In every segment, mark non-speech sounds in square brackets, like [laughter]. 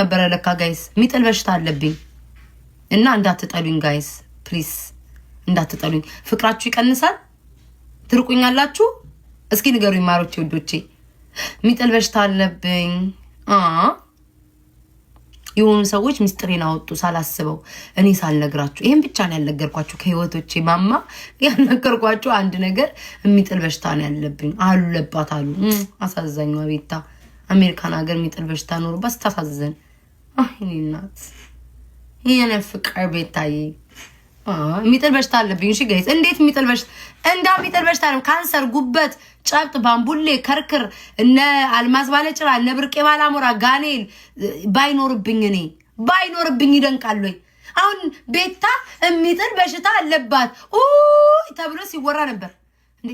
ነበረ ለካ ጋይስ የሚጥል በሽታ አለብኝ እና እንዳትጠሉኝ ጋይስ ፕሊስ እንዳትጠሉኝ። ፍቅራችሁ ይቀንሳል፣ ትርቁኛላችሁ። እስኪ ንገሩኝ ማሮቼ፣ ውዶቼ የሚጥል በሽታ አለብኝ። የሆኑ ሰዎች ምስጢሬን አወጡ ሳላስበው፣ እኔ ሳልነግራችሁ። ይህም ብቻ ነው ያልነገርኳችሁ ከህይወቶቼ ማማ ያልነገርኳችሁ አንድ ነገር የሚጥል በሽታ ነው ያለብኝ ለባት አሉ አሳዛኛ ቤታ አሜሪካን ሀገር የሚጥል በሽታ ኖርባት ስታሳዝን። እኔ እናት ይህን ፍቅር ቤታዬ የሚጥል በሽታ አለብኝ። እሺ ገይጽ እንዴት የሚጥል በሽታ እንዳ የሚጥል በሽታ ነው። ካንሰር፣ ጉበት፣ ጨብጥ፣ ባምቡሌ፣ ከርክር፣ እነ አልማዝ ባለጭራ፣ እነ ብርቄ ባላሞራ፣ ጋኔል ባይኖርብኝ እኔ ባይኖርብኝ ይደንቃል አሁን ቤታ የሚጥል በሽታ አለባት ተብሎ ሲወራ ነበር እንዴ።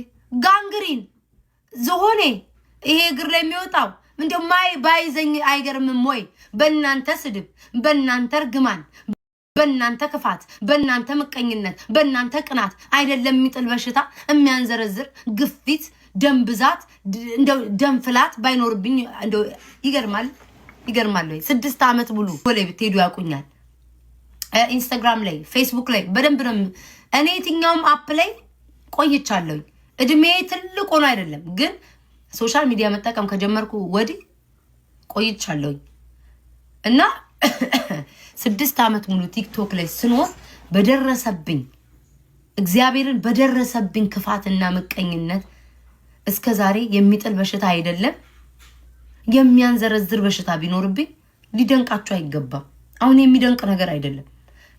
ጋንግሪን ዝሆኔ፣ ይሄ እግር ላይ የሚወጣው እንዲሁ ማይ ባይዘኝ አይገርምም ወይ? በእናንተ ስድብ፣ በእናንተ እርግማን፣ በእናንተ ክፋት፣ በእናንተ ምቀኝነት፣ በእናንተ ቅናት አይደለም የሚጥል በሽታ የሚያንዘረዝር ግፊት፣ ደም ብዛት፣ ደም ፍላት ባይኖርብኝ ይገርማል። ይገርማል ወይ? ስድስት ዓመት ሙሉ ወላይ ብትሄዱ ያውቁኛል። ኢንስታግራም ላይ ፌስቡክ ላይ በደንብ ነው እኔ የትኛውም አፕ ላይ ቆይቻለሁኝ። እድሜ ትልቅ ሆኖ አይደለም ግን ሶሻል ሚዲያ መጠቀም ከጀመርኩ ወዲህ ቆይቻለሁኝ እና [coughs] ስድስት ዓመት ሙሉ ቲክቶክ ላይ ስኖር በደረሰብኝ እግዚአብሔርን በደረሰብኝ ክፋትና ምቀኝነት እስከ ዛሬ የሚጥል በሽታ አይደለም የሚያንዘረዝር በሽታ ቢኖርብኝ ሊደንቃችሁ አይገባም። አሁን የሚደንቅ ነገር አይደለም።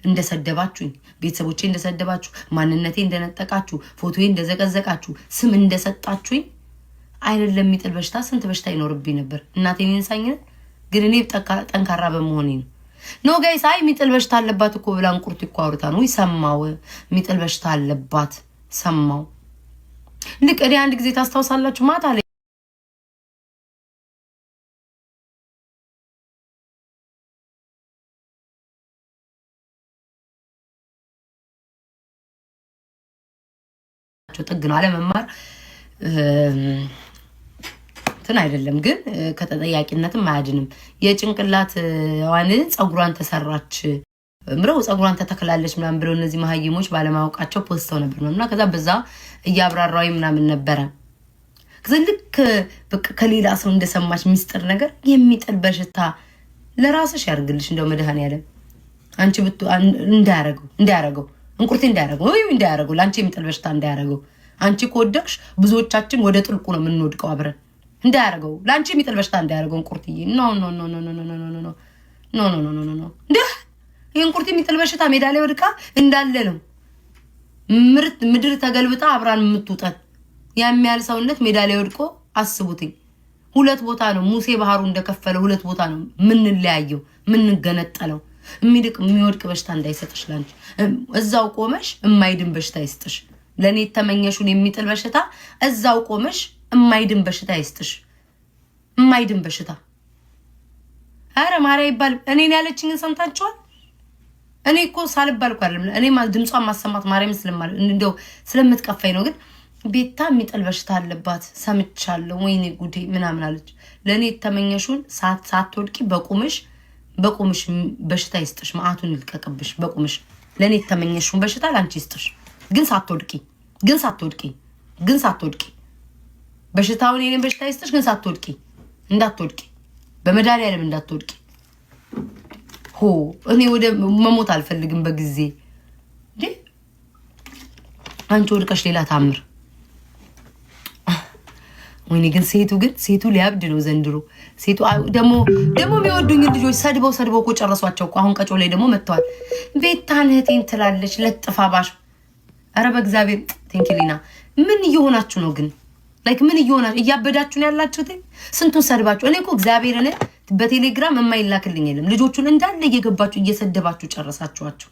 እንደሰደባችሁኝ፣ ቤተሰቦቼ እንደሰደባችሁ፣ ማንነቴ እንደነጠቃችሁ፣ ፎቶዬ እንደዘቀዘቃችሁ፣ ስም እንደሰጣችሁኝ አይደለም የሚጥል በሽታ ስንት በሽታ ይኖርብኝ ነበር። እናቴን ይነሳኝን ግን እኔ ጠንካራ በመሆኔ ነው። ኖ ጋይስ፣ አይ የሚጥል በሽታ አለባት እኮ ብላ እንቁርት እኮ አውርታ ነው ሰማው። የሚጥል በሽታ አለባት ሰማው። ልክ እኔ አንድ ጊዜ ታስታውሳላችሁ ማታ ላይ ጥግ ነው አለመማር እንትን አይደለም፣ ግን ከተጠያቂነትም አያድንም። የጭንቅላትዋን ፀጉሯን ተሰራች ምረው ፀጉሯን ተተክላለች ምናምን ብለው እነዚህ መሀይሞች ባለማወቃቸው ፖስተው ነበር ነው እና ከዛ በዛ እያብራራዊ ምናምን ነበረ ከዚ ልክ በቃ ከሌላ ሰው እንደሰማች ሚስጥር ነገር የሚጥል በሽታ ለራስሽ ያርግልሽ። እንደው መድኃኔዓለም አንቺ ብቱ እንዳያረገው እንዳያረገው እንቁርቴ እንዳያረገው ወይም እንዳያረገው ለአንቺ የሚጥል በሽታ እንዳያረገው። አንቺ ከወደቅሽ ብዙዎቻችን ወደ ጥልቁ ነው የምንወድቀው አብረን እንዳያደርገው ለአንቺ የሚጥል በሽታ እንዳያደርገው እንቁርትዬ። ኖ ኖ ኖ ኖ ኖ ኖ ኖ ኖ ኖ እንዲህ ይህ እንቁርት የሚጥል በሽታ ሜዳ ላይ ወድቃ እንዳለ ነው ምርት ምድር ተገልብጣ አብራን የምትውጠን የሚያል ሰውነት ሜዳ ላይ ወድቆ አስቡትኝ። ሁለት ቦታ ነው ሙሴ ባህሩ እንደከፈለ ሁለት ቦታ ነው ምንለያየው ምንገነጠለው። የሚድቅ የሚወድቅ በሽታ እንዳይሰጥሽ ላንቺ እዛው ቆመሽ የማይድን በሽታ ይስጥሽ። ለእኔ የተመኘሹን የሚጥል በሽታ እዛው ቆመሽ እማይድን በሽታ ይስጥሽ። እማይድን በሽታ አረ ማርያ ይባል። እኔን ግን ሰምታችኋል። እኔ እኮ ሳልባል እኮ አይደለም እኔ ድምጿን ማሰማት ማርያም ስለማል እንደው ስለምትቀፋኝ ነው። ግን ቤታ የሚጠል በሽታ አለባት ሰምቻለሁ፣ ወይኔ ጉዴ ምናምን አለች። ለእኔ የተመኘሹን ሳትወድቂ በቁምሽ በቁምሽ በሽታ ይስጥሽ፣ መዓቱን ይልቀቅብሽ። በቁምሽ ለእኔ የተመኘሹን በሽታ ለአንቺ ይስጥሽ። ግን ሳትወድቂ ግን ሳትወድቂ ግን ሳትወድቂ በሽታውን የኔን በሽታ ይስጥሽ፣ ግን ሳትወድቂ እንዳትወድቂ፣ በመድኃኒዓለም እንዳትወድቂ። ሆ እኔ ወደ መሞት አልፈልግም በጊዜ እንዴ። አንቺ ወድቀሽ ሌላ ታምር። ወይኔ ግን ሴቱ ግን ሴቱ ሊያብድ ነው ዘንድሮ። ሴቱ ደግሞ ደግሞ የሚወዱኝ ልጆች ሰድበው ሰድበው እኮ ጨረሷቸው አሁን ቀጮ ላይ ደግሞ መጥተዋል። ቤታን እህቴን ትላለች ለጥፋ ባሽ። ኧረ በእግዚአብሔር ቴንኪሊና ምን እየሆናችሁ ነው ግን? ላይክ ምን እየሆነ እያበዳችሁ ነው ያላችሁት? ስንቱን ሰድባችሁ። እኔ እኮ እግዚአብሔርን በቴሌግራም የማይላክልኝ የለም። ልጆቹን እንዳለ እየገባችሁ እየሰደባችሁ ጨረሳችኋቸው።